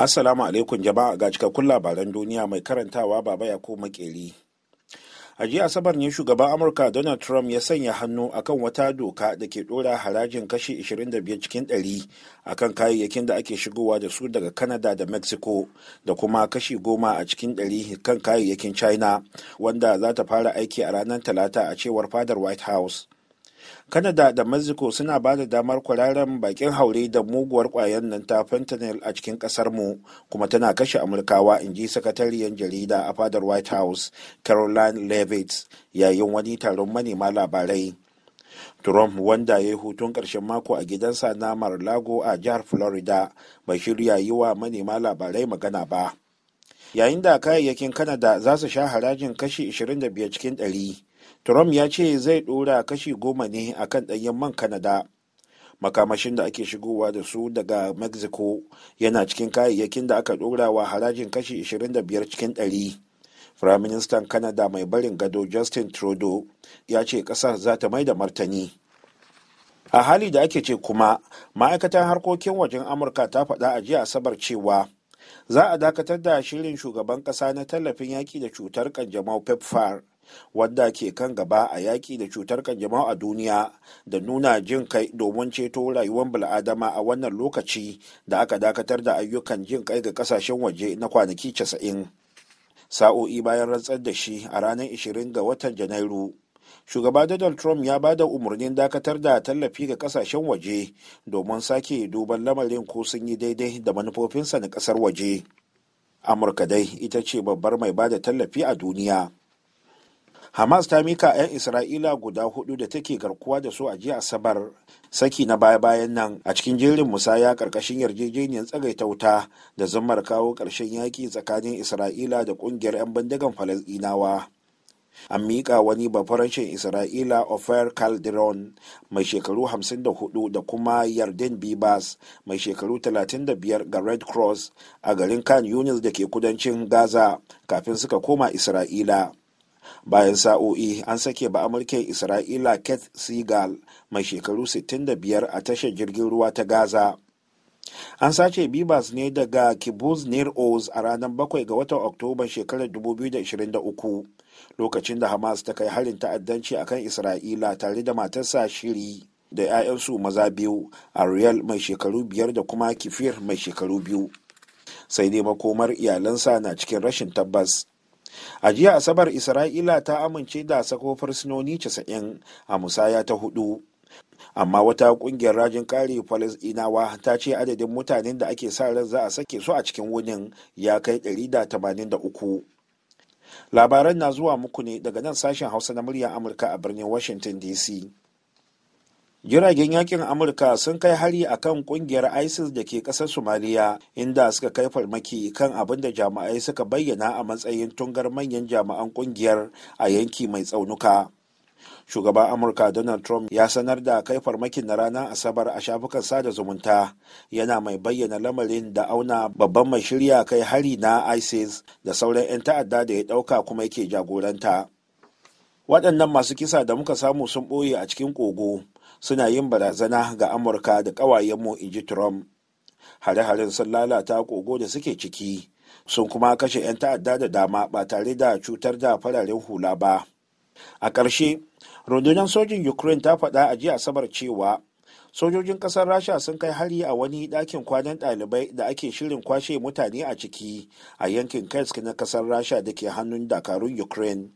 Assalamu alaikum jama'a ga cikakkun labaran duniya mai karantawa baba ya ko makeri. A jiya Asabar ne shugaban Amurka Donald Trump ya sanya hannu akan wata doka da ke ɗora harajin kashi 25 cikin 100 akan kayayyakin da ake shigowa da su daga Canada da Mexico da kuma kashi 10 a cikin 100 kan kayayyakin China wanda za ta fara aiki a ranar Talata a cewar fadar White House. Canada da Mexico suna ba da damar kwararren bakin haure da muguwar kwayan nan ta fentanyl a cikin kasar mu kuma tana kashe Amurkawa in ji sakatariyar jarida a fadar White House Caroline Levitt yayin wani taron manema labarai. Trump wanda ya yi hutun ƙarshen mako a gidansa na mar lago a jihar Florida bai shirya yi wa manema labarai magana ba. Yayin da kayayyakin Canada za su sha harajin kashi 25 cikin 100 trump ya ce zai ɗora kashi goma ne a kan ɗanyen man Kanada, makamashin da ake shigowa da su daga mexico yana cikin kayayyakin da aka ɗora wa harajin kashi 25 cikin 100 firaministan Kanada mai barin gado justin trudeau ya ce ƙasar za ta mai da martani a hali da ake ce kuma ma'aikatan harkokin wajen amurka ta faɗa a jiya asabar cewa za a dakatar da shirin shugaban ƙasa na tallafin yaƙi da cutar kanjamau pepfar wadda ke kan gaba a yaƙi da cutar kanjamau a duniya da nuna jin kai domin ceto rayuwar bil'adama a wannan lokaci da aka dakatar da ayyukan jin kai ga kasashen waje na kwanaki casa'in sa'o'i bayan rantsar da shi a ranar ishirin ga watan janairu shugaba donald trump ya bada umarnin dakatar da tallafi ga kasashen waje domin sake duban lamarin ko sun yi daidai da manufofinsa na kasar waje amurka dai ita ce babbar mai bada tallafi a duniya hamas ta mika 'yan isra'ila guda hudu da take garkuwa da su a jiya asabar saki na baya-bayan nan a cikin jerin musaya karkashin yarjejeniyar tsagaita wuta da zammar kawo karshen yaki tsakanin isra'ila da kungiyar 'yan bindigan falasdinawa an miƙa wani bafarancin isra'ila ofer calderon mai shekaru 54 da kuma yardin bibas mai shekaru 35 ga red cross a garin khan unis da ke kudancin gaza kafin suka koma isra'ila bayan sa'o'i an sake ba amurken isra'ila keith seagal mai shekaru 65 a tashar jirgin ruwa ta gaza an sace bibas ne daga kibbutz near oz a ranar 7 ga watan oktoba shekarar 2023 lokacin da hamas ta kai harin ta'addanci akan isra'ila tare da matarsa shiri da 'ya'yansu maza biyu a ariel mai shekaru biyar da kuma kifir mai shekaru biyu sai dai makomar iyalansa na cikin rashin tabbas a jiya asabar isra'ila ta amince da sako fursunoni 90 a musaya ta hudu amma wata kungiyar rajin kare falasdinawa ta ce adadin mutanen da ake sa ran za a sake su a cikin wunin ya kai 183 labaran na zuwa muku ne daga nan sashen hausa na murya amurka a birnin washington dc jiragen yakin amurka sun kai hari a kan kungiyar isis da ke kasar somaliya inda suka kai farmaki kan abin da jama'ai suka bayyana a matsayin tungar manyan jama'an kungiyar a yanki mai tsaunuka shugaban amurka donald trump ya sanar da kai farmakin na ranar asabar a shafukan sada zumunta yana mai bayyana lamarin da auna babban mai shirya kai hari na isis da sauran 'yan ta'adda da ya dauka kuma yake jagoranta waɗannan masu kisa da muka samu sun ɓoye a cikin kogo suna yin barazana ga amurka da ƙawayenmu in ji trump hare-haren sun lalata kogo da suke ciki sun kuma kashe 'yan ta'adda da dama ba tare da cutar da fararen hula ba a ƙarshe rundunar sojin ukraine ta faɗa a jiya asabar cewa sojojin ƙasar rasha sun kai hari a wani ɗakin kwanan ɗalibai da ake shirin kwashe mutane a ciki a yankin kursk na ƙasar rasha da ke hannun dakarun ukraine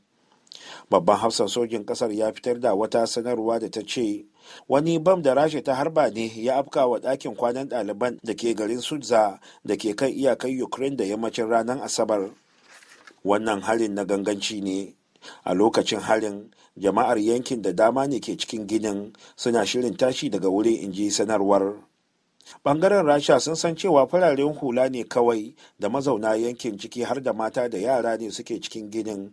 babban hafsan sojin kasar ya fitar da wata sanarwa da ta ce wani bam da rasha ta harba ne ya afka wa ɗakin kwanan ɗaliban da ke garin sudza da ke kan iyakar ukraine da yammacin ranar asabar wannan harin na ganganci ne a lokacin harin jama'ar yankin da dama ne ke cikin ginin suna shirin tashi daga wuri in ji sanarwar bangaren rasha sun san cewa fararen hula ne kawai da mazauna yankin ciki har da mata da yara ne suke cikin ginin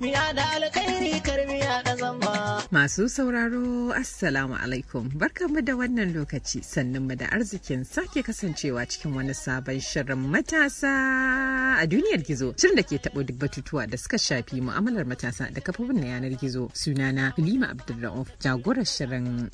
miya da alkhairi da zamba. Masu sauraro Assalamu alaikum barkanmu da wannan lokaci mu da arzikin sake kasancewa cikin wani sabon shirin matasa a duniyar gizo shirin da ke taɓo duk batutuwa da suka shafi mu'amalar matasa da kafofin na yanar gizo sunana Halima Abdulra'uf jagorar shirin.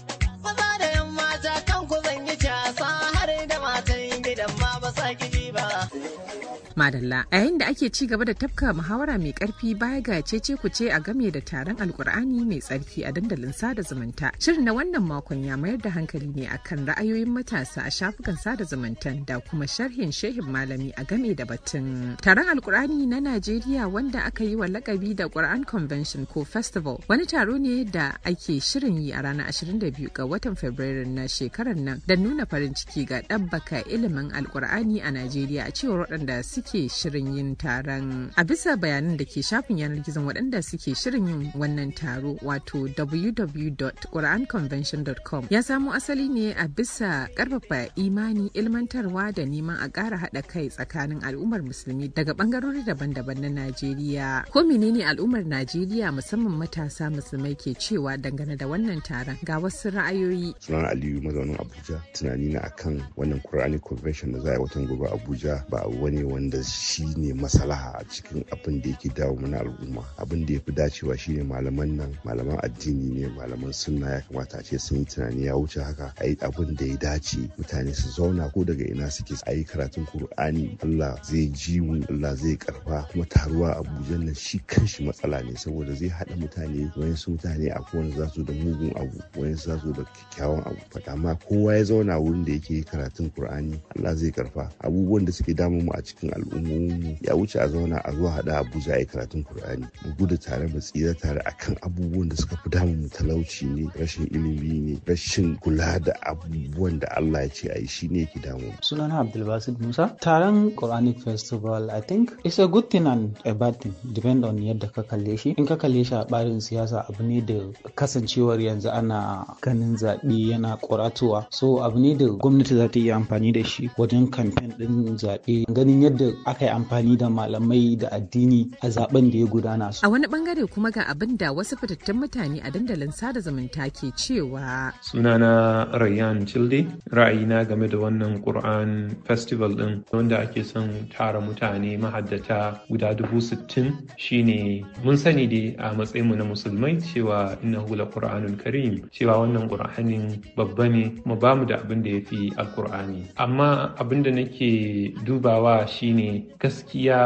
Madalla a yayin da ake ci gaba da tafka muhawara mai karfi baya ga cece ce a game da taron alkur'ani mai tsarki a dandalin sada zumunta. Shirin na wannan makon ya mayar da hankali ne akan ra'ayoyin matasa a shafukan sada zumuntan da kuma sharhin shehin malami a game da batun. Taron alkur'ani na Najeriya wanda aka yi wa lakabi da Quran Convention ko Festival wani taro ne da ake shirin yi a ranar 22 ga watan Fabrairu na shekarar nan da nuna farin ciki ga ɗabbaka ilimin alkur'ani a Najeriya a cewar waɗanda suke suke shirin yin taron a bisa bayanan da ke shafin yanar gizon waɗanda suke shirin yin wannan taro wato www.quranconvention.com ya samo asali ne a bisa karfafa imani ilmantarwa da neman a ƙara haɗa kai tsakanin al'ummar musulmi daga ɓangarori daban-daban na najeriya ko menene al'ummar najeriya musamman matasa musulmai ke cewa dangane da wannan taron ga wasu ra'ayoyi sunan aliyu mazaunin abuja tunani na akan wannan quranic convention da za a yi watan gobe abuja ba wani wanda shi ne masalaha a cikin abin da yake dawo mana al'umma abin da ya fi dacewa shi ne malaman nan malaman addini ne malaman sunna ya kamata a ce sun yi tunani ya wuce haka a yi abin da ya dace mutane su zauna ko daga ina suke a yi karatun kur'ani allah zai ji mu allah zai karfa kuma taruwa abuja nan shi kanshi matsala ne saboda zai haɗa mutane wayansu mutane a kowane za su da mugun abu wayansu za su da kyakkyawan abu fata amma kowa ya zauna wurin da yake karatun kur'ani allah zai karfa abubuwan da suke damu mu a cikin al'ummominmu ya wuce a zauna a zuwa haɗa abuja a karatun kur'ani Bugu da tare mu tsira tare a kan abubuwan da suka fi damun mu talauci ne rashin ilimi ne rashin kula da abubuwan da allah ya ce a yi shi ne yake damu sunana abdulbasid musa taron quranic festival i think it's a good thing and a bad thing depend on yadda ka kalle shi in ka kalle shi a barin siyasa abu ne da kasancewar yanzu ana ganin zaɓe yana ƙoratuwa so abu ne da gwamnati za ta iya amfani da shi wajen kamfen ɗin zaɓe ganin yadda aka yi amfani da malamai da addini a zaben da ya gudana su. A wani bangare kuma ga abin da wasu fitattun mutane a dandalin sada zumunta ke cewa. Sunana Rayyan Childe ra'ayina game da wannan Qur'an festival din wanda ake son tara mutane mahaddata guda dubu sittin shine mun sani dai a matsayinmu na musulmai cewa na hula Qur'anun Karim cewa wannan Qur'anin babba ne Mu bamu da abin da ya fi Alkur'ani amma abin da nake dubawa shine ne gaskiya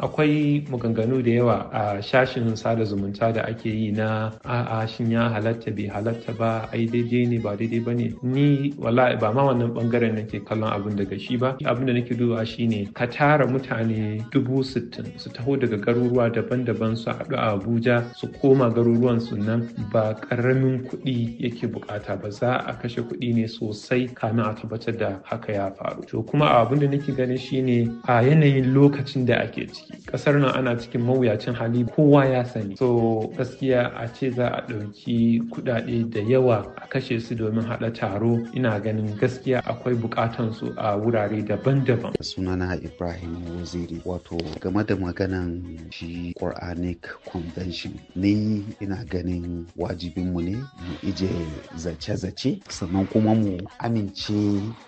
akwai maganganu da yawa a shashin sada zumunta da ake yi na a'a shin ya halatta bai halatta ba ai daidai ne ba daidai ba ne ni wala ba ma wannan bangaren nake kallon abun daga shi ba abin da nake duba shine ka tara mutane dubu sittin su taho daga garuruwa daban-daban su haɗu a abuja su koma garuruwan su nan ba ƙaramin kuɗi yake bukata ba za a kashe kuɗi ne sosai kamin a tabbatar da haka ya faru to kuma abin da nake ganin shine a yanayin lokacin da ake ciki kasar nan ana cikin mawuyacin hali kowa ya sani so gaskiya a ce za a ɗauki kuɗaɗe da yawa a kashe su domin haɗa taro ina ganin gaskiya akwai buƙatan su a wurare daban-daban sunana ibrahim waziri wato game da maganan shi quranic convention ni ina ganin wajibinmu ne mu ije zace-zace sannan kuma mu amince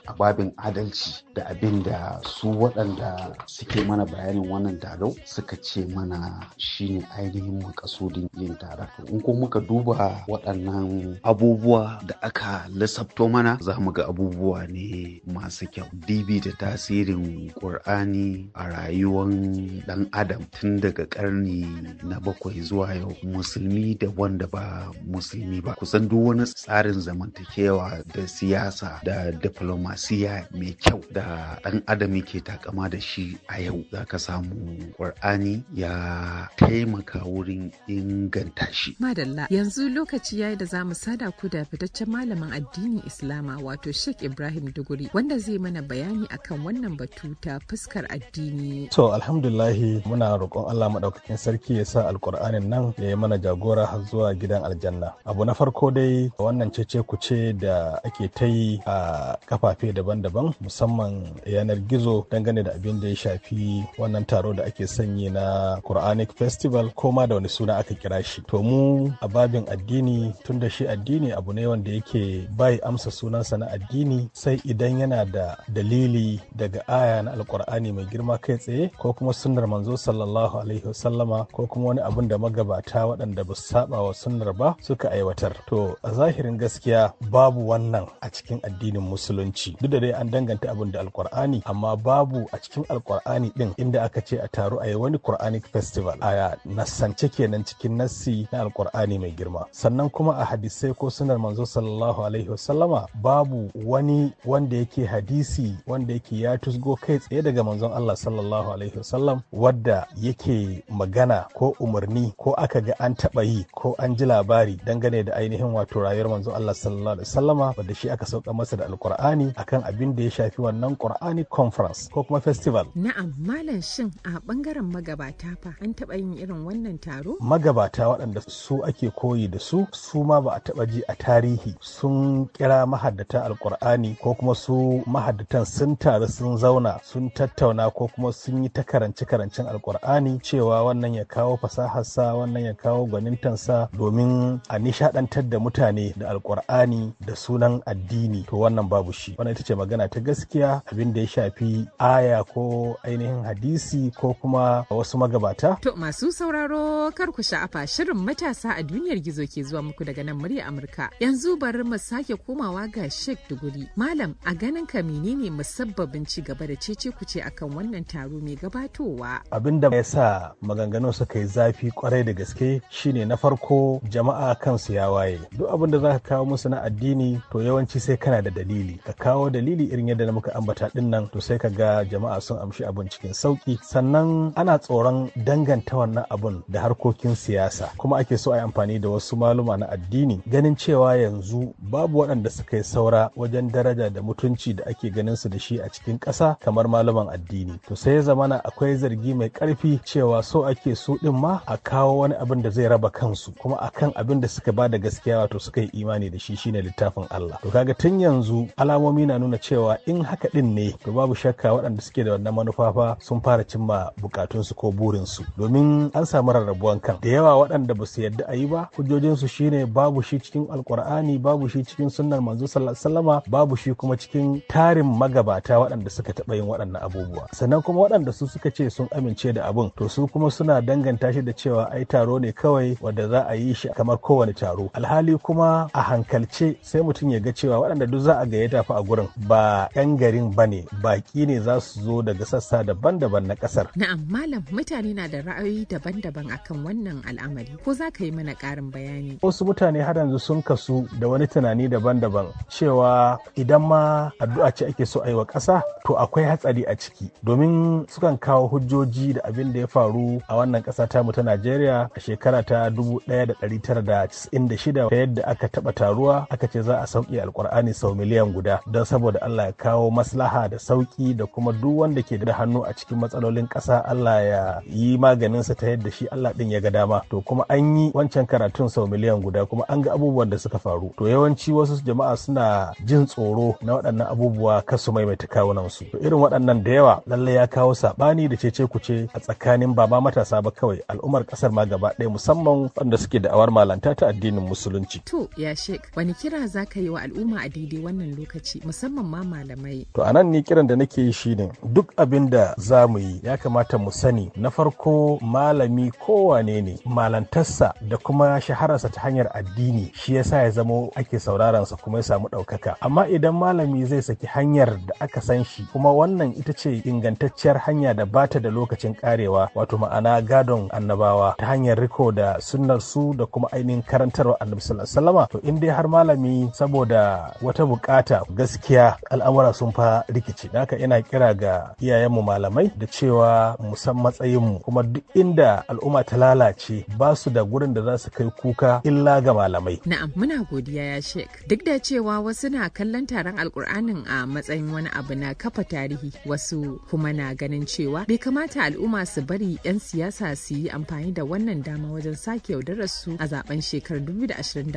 a babin adalci da abin da su waɗanda suke mana bayanin wannan taro suka ce mana shine ainihin makasudin yin taron in kuma muka duba waɗannan abubuwa da aka lissafto mana za mu ga abubuwa ne masu kyau dibi da tasirin ƙur'ani a rayuwan ɗan adam tun daga ƙarni na bakwai zuwa yau musulmi da wanda ba musulmi ba kusan duk wani tsarin zamantakewa da siyasa da diplomasiya mai kyau da ɗan adam yake takama da shi a yau za ka samu ƙur'ani ya taimaka wurin inganta shi. Madalla yanzu lokaci yayi da za mu sada ku da fitaccen malamin addinin Islama wato Sheikh Ibrahim Duguri wanda zai mana bayani akan wannan batu ta fuskar addini. so alhamdulahi muna roƙon Allah maɗaukakin sarki ya sa alƙur'anin nan ya yi mana jagora har zuwa gidan aljanna. Abu na farko dai wannan cece kuce da ake ta yi a kafafe daban-daban musamman yanar gizo dangane da abin da ya shafi wannan taro da ake sanyi na Quranic Festival ko ma da wani suna aka kira shi. To mu a babin addini tun da shi addini abu ne wanda yake bai amsa sunansa na addini sai idan yana da dalili daga aya na alkur'ani mai girma kai tsaye ko kuma sunnar manzo sallallahu alaihi wasallama ko kuma wani abun da magabata waɗanda ba su saba wa sunnar ba suka aiwatar. To a zahirin gaskiya babu wannan a cikin addinin musulunci duk da dai an danganta abin da alkur'ani amma babu a cikin alkur'ani Qur'ani din inda aka ce a taru a yi wani qur'anic festival aya nasance kenan cikin nassi na alkur'ani mai girma sannan kuma a hadisai ko sunar manzo sallallahu alaihi wasallama babu wani wanda yake hadisi wanda yake ya tusgo kai tsaye daga manzon Allah sallallahu alaihi wasallam wadda yake magana ko umarni ko aka ga an taɓa yi ko an ji labari dangane da ainihin wato rayuwar manzon Allah sallallahu alaihi wasallama wadda shi aka sauka masa da alkur'ani akan abin da ya shafi wannan qur'ani conference ko kuma festival Na'am, Malam shin a bangaren magabata fa an taɓa yin irin wannan taro? Magabata waɗanda su ake koyi da su, su ma ba a taɓa ji a tarihi sun kira mahaddata alkur'ani ko kuma su mahaddatan sun taru sun zauna sun tattauna ko kuma sun yi ta karance karancen alkur'ani cewa wannan ya kawo fasaharsa wannan ya kawo gwanintansa domin a nishaɗantar da mutane da alkur'ani da sunan addini to wannan babu shi wannan ita ce magana ta gaskiya abin da ya shafi aya ko ainihin hadisi ko kuma wasu magabata. To masu sauraro kar ku sha'afa shirin matasa a duniyar gizo ke zuwa muku daga nan murya Amurka. Yanzu bari mu sake komawa ga Sheik Duguri. Malam a ganin ka menene musabbabin ci gaba da cece ku ce akan wannan taro mai gabatowa. Abin da ya sa maganganu suka yi zafi kwarai da gaske shine na farko jama'a kansu ya waye. Duk abin da za ka kawo musu na addini to yawanci sai kana da dalili. Ka kawo dalili irin yadda na muka ambata din nan to sai ka ga jama'a sun amshi abin cikin sauki sannan ana tsoron danganta wannan abin da harkokin siyasa kuma ake so a yi amfani da wasu maluma na addini ganin cewa yanzu babu waɗanda suka yi saura wajen daraja da mutunci da ake ganin su da shi a cikin ƙasa kamar malaman addini to sai zamana akwai zargi mai ƙarfi cewa so ake so ɗin ma a kawo wani abin da zai raba kansu kuma akan abin da suka ba da gaskiya wato suka yi imani da shi shine littafin Allah to kaga tun yanzu alamomi na nuna cewa in haka din ne to babu shakka waɗanda suke da wannan manufafa sun fara cimma bukatunsu ko burinsu domin an samu rarrabuwan kan da yawa waɗanda ba su yadda a yi ba hujjojinsu shine babu shi cikin alkur'ani babu shi cikin sunnar manzo sallama babu shi kuma cikin tarin magabata waɗanda suka taɓa yin waɗannan abubuwa sannan kuma waɗanda su suka ce sun amince da abun. to su kuma suna danganta shi da cewa ai taro ne kawai wanda za a yi shi kamar kowane taro alhali kuma a hankalce sai mutum ya ga cewa waɗanda duk za a gayyata fa a gurin ba 'yan garin bane ne baƙi ne za su zo daga sassa daban-daban na kasar. Na'am malam mutane na da ra'ayoyi daban-daban akan wannan al'amari ko za ka yi mana ƙarin bayani. Wasu mutane har yanzu sun kasu da wani tunani daban-daban cewa idan ma addu'a ce ake so a yi wa ƙasa to akwai hatsari a ciki domin sukan kawo hujjoji da abin da ya faru a wannan ƙasa mu ta Najeriya a shekara ta dubu ɗaya da da tara shida. ta yadda aka taɓa taruwa aka ce za a sauƙi alƙur'ani sau miliyan guda don saboda Allah ya kawo maslaha da sauƙi da kuma duk wanda ke shiga da hannu a cikin matsalolin ƙasa Allah ya yi maganinsa ta yadda shi Allah ɗin ya ga dama to kuma an yi wancan karatun sau miliyan guda kuma an ga abubuwan da suka faru to yawanci wasu jama'a suna jin tsoro na waɗannan abubuwa ka su maimaita kawunan su to irin waɗannan da yawa lallai ya kawo saɓani da cece kuce a tsakanin ba ma matasa ba kawai al'ummar ƙasar ma gaba ɗaya musamman wanda suke da'awar malanta ta addinin musulunci to ya shek wani kira za ka yi wa al'umma a daidai wannan lokaci musamman ma malamai to anan ni kiran da nake yi ne duk abin abin da za mu yi ya kamata mu sani na farko malami kowane ne malantarsa da kuma shahararsa ta hanyar addini shi ya sa ya zama ake sauraronsa kuma ya samu ɗaukaka amma idan malami zai saki hanyar da aka san shi kuma wannan ita ce ingantacciyar hanya da bata da lokacin karewa wato ma'ana gadon annabawa ta hanyar riko da sunnar su da kuma ainihin karantarwa annabi sallallahu to in dai har malami saboda wata bukata gaskiya al'amura sun fa rikici haka ina kira ga iyaye iyayenmu malamai da cewa musan mu kuma duk inda al'umma ta lalace ba su da gurin da za su kai kuka illa ga malamai. Na'am muna godiya ya shek. Duk da cewa wasu na kallon taron alkur'anin a matsayin wani abu na kafa tarihi wasu kuma na ganin cewa bai kamata al'umma su bari 'yan siyasa su yi amfani da wannan dama wajen sake yaudarar su a zaben shekarar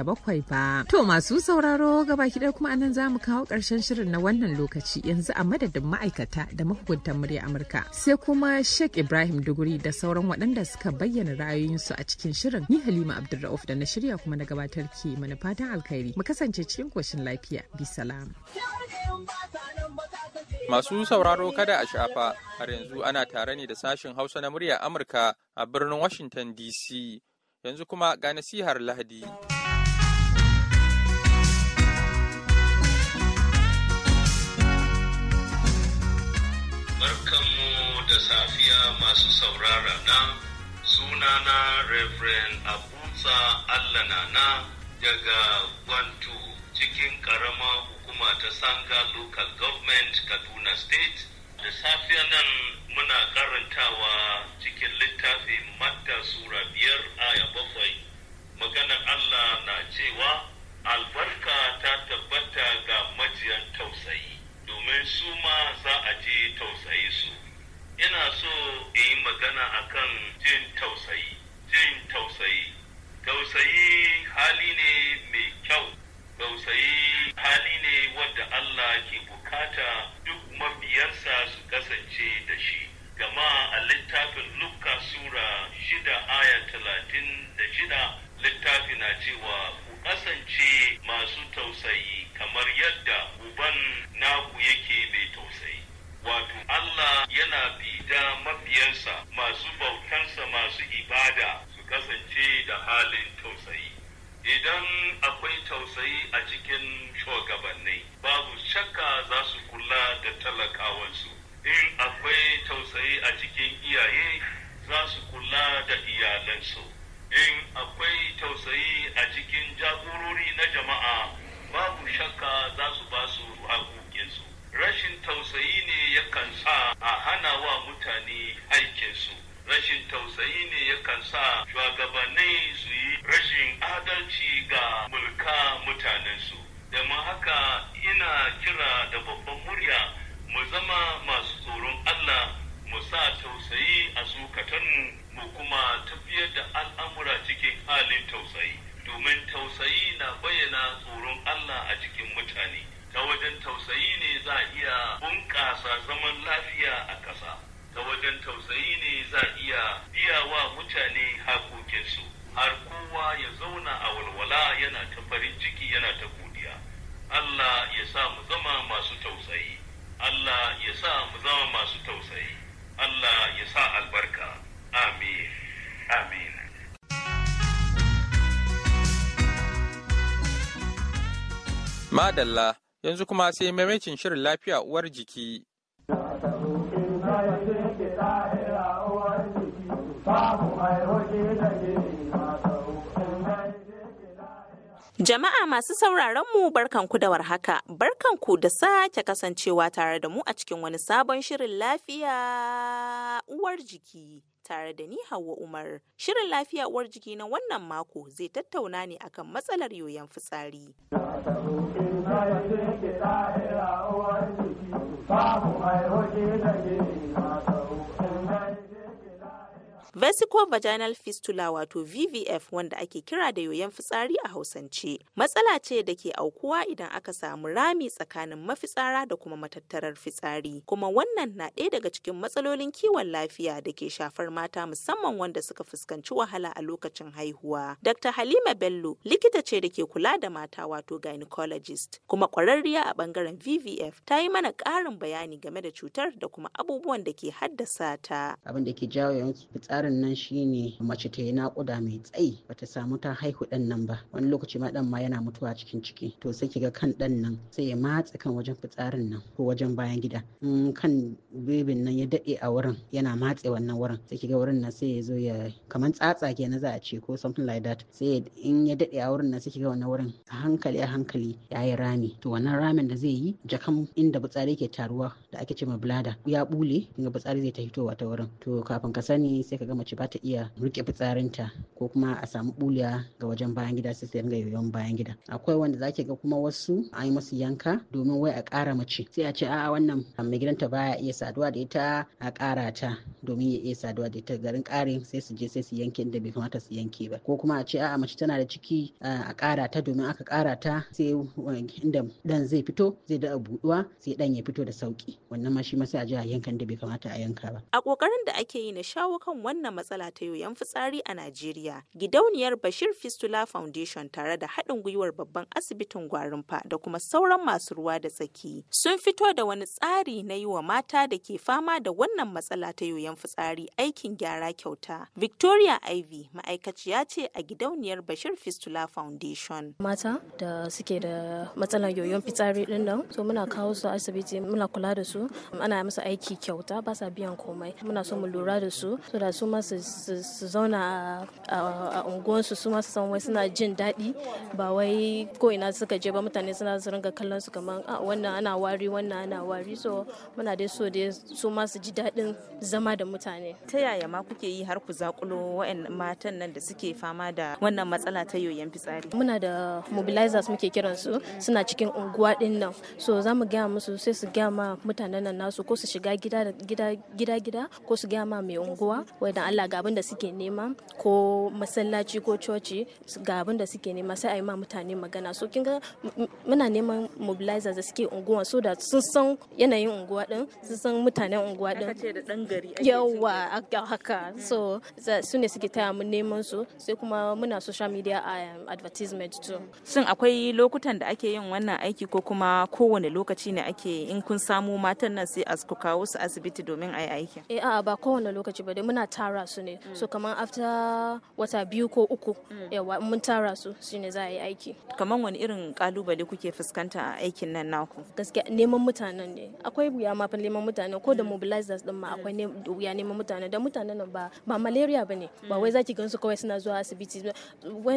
bakwai ba. To masu sauraro gaba ɗaya kuma anan za mu kawo ƙarshen shirin na wannan lokaci yanzu a madadin ma'aikata da mahukunta sakataren murya Amurka. Sai kuma Sheikh Ibrahim Duguri da sauran waɗanda suka bayyana ra'ayoyinsu a cikin shirin. Ni Halima Abdulrauf da na shirya kuma na gabatar ke mana fatan alkhairi. Mu kasance cikin koshin lafiya. Bi salam. Masu sauraro kada a shafa, har yanzu ana tare ne da sashin Hausa na murya Amurka a birnin Washington DC. Yanzu kuma ga nasihar Lahadi. Barkanmu da safiya masu saurara na sunana Reverend Abuza Allanana daga Gwantu cikin ƙarama hukuma ta Sanga Local Government Kaduna State. Da safiya nan muna karantawa cikin littafin Matta Sura biyar aya bakwai. Maganar Allah na cewa albarka ta tabbata ga majiyan tausayi. domin su ma za a ji tausayi su ina so in yi magana akan jin tausayi jin tausayi tausayi hali ne mai kyau tausayi hali ne wadda Allah ke bukata duk mabiyarsa su kasance da shi gama a littafin Luka Sura shida aya talatin da shida littafi na cewa ku kasance masu tausayi kamar yadda mutane aikinsu rashin tausayi ne yakan sa shugabanni su yi rashin adalci ga mulka mutanensu domin haka ina kira da babban murya mu zama masu tsoron allah mu sa tausayi a zukatanmu mu kuma tafiyar da al'amura cikin halin tausayi domin tausayi na bayyana tsoron Allah a cikin mutane ta wajen tausayi ne za a iya bunƙasa zaman lafiya a ƙasa. ta wajen tausayi ne za iya biya wa mutane hakokinsu har kowa ya zauna a walwala yana ta farin ciki yana ta godiya Allah ya sa mu zama masu tausayi Allah ya sa mu zama masu tausayi Allah ya sa albarka amin amin madalla yanzu kuma sai maimakin shirin lafiya uwar jiki Jama'a masu sauraron mu barkanku da warhaka, barkanku da sake kasancewa tare da mu a cikin wani sabon shirin lafiya uwar jiki. Tare da ni Hauwa Umar, shirin lafiya uwar jiki na wannan mako zai tattauna ne akan matsalar yoyon fitsari. 大步迈，我骑着骏马走天外。Vesico vaginal fistula wato VVF wanda ake kira da yoyon fitsari a Hausance. Matsala ce da ke aukuwa idan aka samu rami tsakanin mafitsara da kuma matattarar fitsari. Kuma wannan na ɗaya daga cikin matsalolin kiwon lafiya da ke shafar mata musamman wanda suka fuskanci wahala a lokacin haihuwa. Dr. Halima Bello likita ce da ke kula da mata wato gynecologist kuma kwararriya a bangaren VVF ta yi mana ƙarin bayani game da cutar da kuma abubuwan da ke haddasa ta. Abin da ke jawo yawan fitsari labarin nan shine mace ta yi naƙuda mai tsayi bata samu ta haihu ɗan nan ba wani lokaci ma ɗan ma yana mutuwa cikin ciki to sai kiga kan ɗan nan sai ya matse kan wajen fitsarin nan ko wajen bayan gida in kan bebin nan ya dade a wurin yana matse wannan wurin sai kiga wurin nan sai ya zo ya kamar tsatsa na za a ce ko something like that sai in ya dade a wurin nan sai kiga wannan wurin a hankali a hankali ya yi rami to wannan ramin da zai yi jakan inda fitsari ke taruwa da ake ce ma blada ya bule kinga fitsari zai ta fitowa ta wurin to kafin ka sani sai ka mace ba ta iya rike fitsarinta ko kuma a samu buliya ga wajen bayan gida sai ga yoyon bayan gida akwai wanda zake ga kuma wasu an yi musu yanka domin wai a ƙara mace sai a ce a'a wannan mai gidanta baya iya saduwa da ita a ƙara ta domin ya iya saduwa da ita garin ƙarin sai su je sai su yanke inda bai kamata su yanke ba ko kuma a ce a mace tana da ciki a ƙara ta domin aka ƙara ta sai inda dan zai fito zai da buɗuwa sai dan ya fito da sauki wannan ma shi ma sai a je a yankan da bai kamata a yanka ba a kokarin da ake yi na shawo kan wannan wannan matsala ta yoyon fitsari a Najeriya. Gidauniyar Bashir Fistula Foundation tare da haɗin gwiwar babban asibitin Gwarinfa da kuma sauran masu ruwa da tsaki sun fito da wani tsari na yi wa mata da ke fama da wannan matsala ta yoyon fitsari aikin gyara kyauta. Victoria IV ma'aikaciya ce a gidauniyar Bashir Fistula Foundation. Mata da suke da matsalar yoyon fitsari ɗin nan, so muna kawo su asibiti muna kula da su, ana musu aiki kyauta ba sa biyan komai. Muna so mu lura da su, so da su kuma su zauna a unguwansu su masu san wai suna jin daɗi ba wai ko ina suka je ba mutane suna su kallon su kamar ah, wannan ana wari wannan ana wari so muna dai so dai su masu ji daɗin zama da mutane. Ta yaya ma kuke yi har ku zakulo wa'yan matan nan da suke fama da wannan matsala ta yoyon fitsari? Muna da mobilizers muke kiran su suna cikin unguwa ɗin nan so za mu gaya musu sai su gaya ma mutanen nan nasu ko su shiga gida gida gida ko su gaya ma mai unguwa wai da Allah ga abin da suke nema ko masallaci ko coci ga abin da suke nema sai a yi ma mutane magana so kin muna neman mobilizer da suke unguwa so da sun san yanayin unguwa din sun san mutanen unguwa din yawa haka so su ne suke taya mun neman su sai kuma muna social media um, advertisement too sun akwai lokutan da ake yin wannan aiki ko kuma kowane lokaci ne ake in kun samu matan nan sai a kawo su asibiti domin a yi aiki. eh a ba kowane lokaci ba dai muna ta tara su ne mm. so kamar after wata biyu ko uku mm. yawa mun tara su ne za a yi aiki kamar wani irin kalubale kuke fuskanta a aikin nan naku gaskiya neman mutanen ne akwai wuya ma fa neman mutanen ko da mm. mobilizers din ma akwai wuya neman mutanen da mutanen nan ba ba malaria bane ba wai zaki gansu kawai suna zuwa asibiti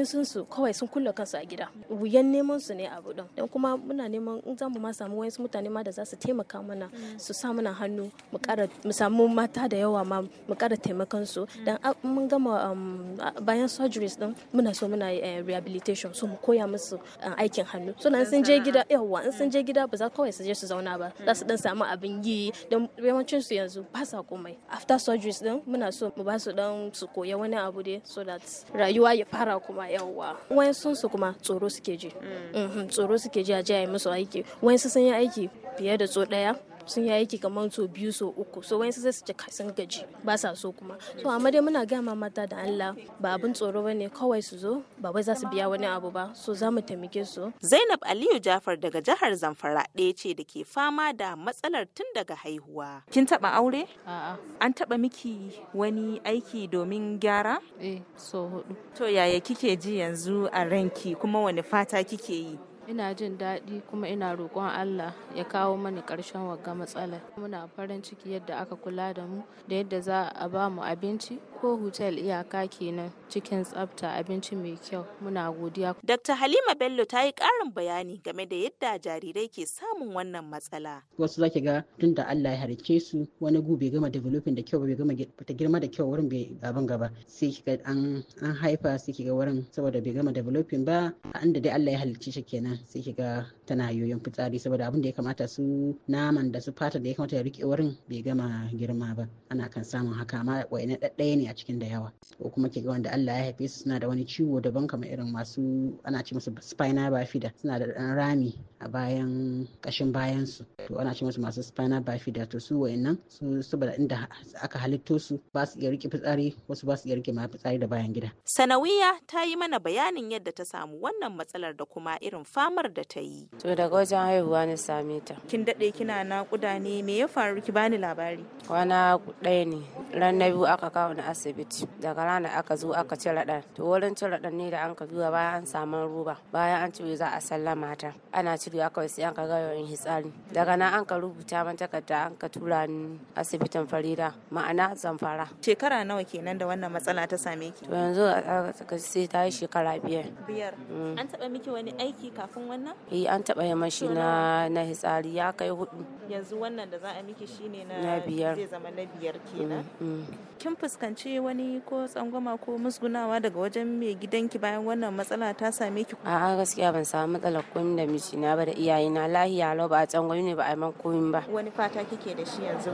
sun su kawai sun kulle kansu a gida wuyan neman su ne abu din dan kuma muna neman in za mu ma samu su mutane ma da za su taimaka mana su sa mana hannu mu kara mu samu mata da yawa ma mu kara taimaka kansu mm. dan ah, mun gama um, ah, bayan surgeries din muna so muna eh, rehabilitation so mu koya musu ah, aikin hannu so nan sun je gida yawa in sun mm. je gida ba za kawai su je su zauna ba za su dan samu abin yi dan yawancin su yanzu ba sa komai after surgeries din muna so mu ba su dan su koya wani abu dai so that rayuwa ya fara kuma yawa wayan sun su kuma tsoro suke ji mm. mm-hmm, tsoro suke ji a je a yi musu aiki wayan su sun yi aiki fiye da tso daya sun yi aiki kamar so biyu so uku so wayansu sai su sun gaji ba sa so kuma so amma dai muna gaya ma mata da Allah ba abin tsoro bane kawai su zo ba wai za su biya wani abu ba so za mu taimake su Zainab Aliyu Jafar daga jihar Zamfara ɗaya ce da ke fama da matsalar tun daga haihuwa kin taba aure a'a an taba miki wani aiki domin gyara eh so hudu to yaya kike ji yanzu a ranki kuma wani fata kike yi Ina jin daɗi kuma ina roƙon Allah ya kawo mani ƙarshen wagga matsalar. Muna farin ciki yadda aka kula da mu da yadda za a ba mu abinci ko hotel iyaka kenan cikin tsabta abinci mai kyau muna godiya. Dr. Halima Bello ta yi ƙarin bayani game da yadda jarirai ke samun wannan matsala. Wasu zaki ga tun da Allah ya harke su wani gu bai gama developing da kyau bai gama ta girma da kyau wurin bai gaban gaba sai kiga an an haifa sai ga wurin saboda bai gama developing ba an da dai Allah ya halicce shi kenan sai kiga tana yoyon fitsari saboda abin da ya kamata su naman da su fata da ya kamata ya rike wurin bai gama girma ba ana kan samun haka amma wai na ɗaɗɗaya ne a cikin da yawa ko kuma ke ga wanda Allah ya haife su suna da wani ciwo daban kamar irin masu ana ce musu spina bifida suna da ɗan rami a bayan ƙashin bayan su to ana ce musu masu spina bifida to su nan su saboda inda aka halitto su ba su iya rike fitsari wasu ba su iya rike ma fitsari da bayan gida sanawiya ta yi mana bayanin yadda ta samu wannan matsalar da kuma irin famar da ta yi To daga wajen haihuwa ne same ta. Kin daɗe kina naƙuda ne me ya faru ki bani labari? Kwana ɗaya ne ran na biyu aka kawo ni asibiti daga rana aka zo aka cire ɗan. To wurin cire ɗan ne da an ka zuwa bayan an samu ruba bayan an cire za a sallama ta ana cire aka sai an ka gayo in hitsari. Daga nan an ka rubuta man takarda an ka tura ni asibitin Farida ma'ana Zamfara. Shekara nawa kenan da wannan matsala ta same ki? To yanzu a sai ta yi shekara biyar. Biyar. Mm. An taɓa miki wani aiki kafin wannan? Eh an taba yi mashi na na hitsari ya kai hudu yanzu wannan da za a miki shine na biyar zai zama na biyar kenan mm, mm. kin fuskanci wani ko tsangwama ko musgunawa daga wajen mai gidanki bayan wannan matsala ta same ki a gaskiya ban samu matsalar komai da miji na ba da iyaye na lahiya lo ba tsangwami ne ba a man komai ba wani fata kike da shi yanzu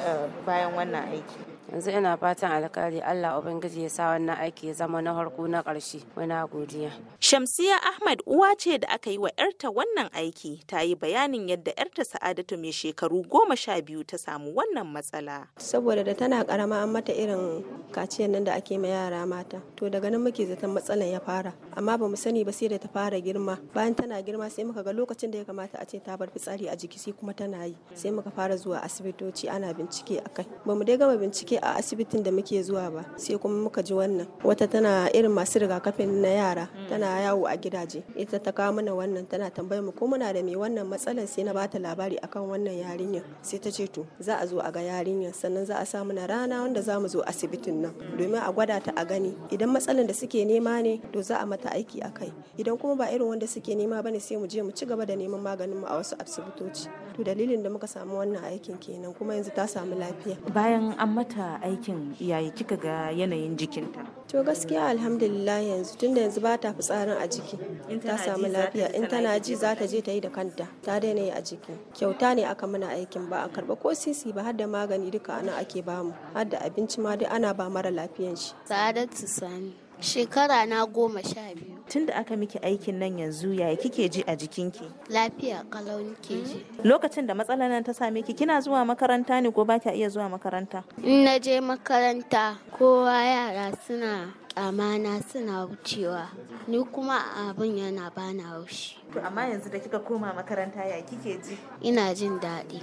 eh, bayan wannan aiki yanzu ina fatan alkali Allah ubangiji ya sa wannan aiki ya zama na harko na ƙarshe muna godiya Shamsiya Ahmad uwa ce da aka yi wa yarta wannan aiki ta yi bayanin yadda yarta Sa'adatu mai shekaru goma sha biyu ta samu wannan matsala saboda da tana karama an mata irin kaciyar nan da ake ma yara mata to daga nan muke zaton matsalan ya fara amma ba mu sani ba sai da ta fara girma bayan tana girma sai muka ga lokacin da ya kamata a ce ta bar fitsari a jiki sai kuma tana yi sai muka fara zuwa asibitoci ana bincike akai ba mu dai gama bincike a asibitin da muke zuwa ba sai kuma muka ji wannan wata tana irin masu rigakafin na yara tana yawo a gidaje ita ta kawo mana wannan tana tambayar mu ko muna da me wannan matsalar sai na bata labari akan wannan yarinyar sai ta ce to za a zo a ga yarinyar sannan za a sa mana rana wanda za mu zo asibitin nan domin a gwada ta a gani idan matsalar da suke nema ne to za a mata aiki a kai idan kuma ba irin wanda suke nema ba ne sai mu je mu ci gaba da neman maganin mu a wasu asibitoci to dalilin da muka samu wannan aikin kenan kuma yanzu ta samu lafiya bayan an mata aikin iyaye kika ga yanayin jikinta to gaskiya alhamdulillah yanzu tunda yanzu ba ta fitsarin a jiki in ta samu lafiya in tana ji za ta je ta yi da kanta ta daina yi a jiki kyauta ne aka mana aikin ba a karba ko sisi ba har da magani duka ana ake bamu har da abinci ma duk ana ba mara lafiyan shi sa'adatu sani shekara na goma sha biyu tun da aka miki aikin nan yanzu yaya kike ji a jikinki lafiya kalau nike ji hmm? lokacin da matsala nan ta same ki kina zuwa makaranta ne ko ba iya zuwa makaranta in na je makaranta kowa yara suna kyamana suna wucewa ni kuma abin yana bana haushi. To amma yanzu da kika koma makaranta ya kike ji? Ina jin daɗi.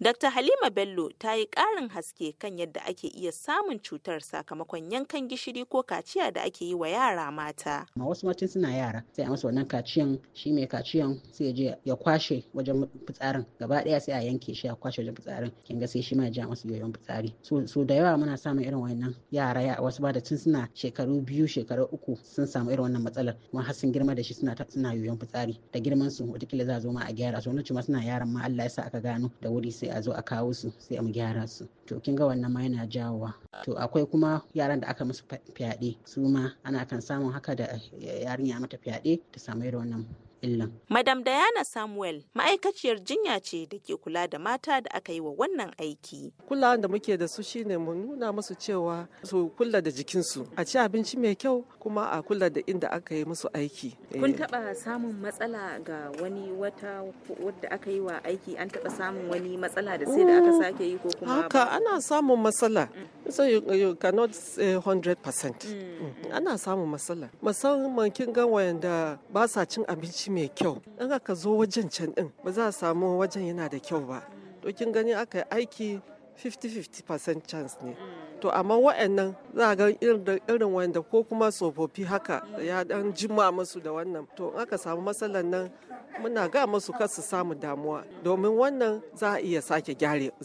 Dr. Halima Bello ta yi ƙarin haske kan yadda ake iya samun cutar sakamakon yankan gishiri ko kaciya da ake yi wa yara mata. Ma wasu matan suna yara sai a masa wannan kaciyan shi mai kaciyan sai je ya kwashe wajen fitsarin gaba ɗaya sai a yanke shi a kwashe wajen fitsarin kin ga sai shi ma ya ja masa yoyon fitsari. So da yawa muna samun irin wannan yara wasu ba da tun suna shekaru shekaru biyu shekaru uku sun samu irin wannan matsalar kuma har sun girma da shi suna suna yoyon fitsari da girman su wataƙila za a zo ma a gyara su wani ma suna yaran ma Allah ya sa aka gano da wuri sai a zo a kawo su sai a mu gyara su to kin ga wannan ma yana jawowa to akwai kuma yaran da aka musu fyaɗe su ma ana kan samun haka da yarinya mata fyaɗe ta samu irin wannan illan. Madam Diana Samuel ma'aikaciyar jinya ce da ke kula da mata da aka yi wa wannan aiki. Kula da muke da su shine mu nuna musu cewa su kula da jikinsu a ci abinci mai kyau kuma a kula da inda aka yi musu aiki. Eh. Kun taba samun matsala ga wani wata wadda aka yi wa aiki an taba samun wani matsala da sai da aka sake yi ko kuma haka ana samun matsala mm. so you, you cannot say 100% mm, mm. mm. ana samun matsala musamman kin ga wayanda ba sa cin abinci mai kyau in aka zo wajen can din ba za a samu wajen yana da kyau ba to kin gani aka yi aiki 50-50% chance ne mm. to amma wa'annan za a ga irin wanda ko kuma tsofaffi haka ya dan jima masu da wannan to in aka samu matsalan nan muna ga musu kasu samu damuwa domin wannan za a iya sake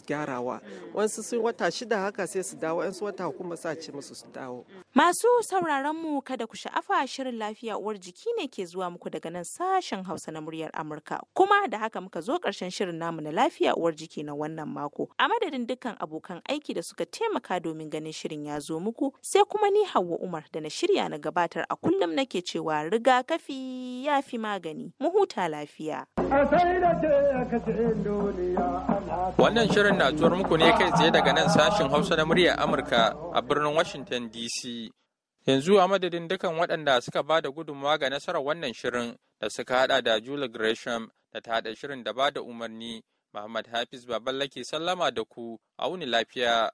gyarawa wasu sun wata shida haka sai su dawo yansu wata kuma sa ce musu su dawo masu sauraron mu kada ku sha'afa shirin lafiya uwar jiki ne ke zuwa muku daga nan sashen hausa na muryar amurka kuma da haka muka zo karshen shirin namu na lafiya uwar jiki na wannan mako a madadin dukkan abokan aiki da suka taimaka domin ganin shirin ya zo muku sai kuma ni hawa umar da na shirya na gabatar a kullum nake cewa rigakafi ya fi magani mu huta lafiya lafiya. Wannan shirin na zuwar muku ne kai tsaye daga nan sashin Hausa na muryar Amurka a birnin Washington DC. Yanzu a madadin dukan waɗanda suka ba da gudunmawa ga nasarar wannan shirin da suka haɗa da Julie Gresham da ta haɗa shirin da ba da umarni, Muhammad Hafiz Baballake sallama da ku a wuni lafiya.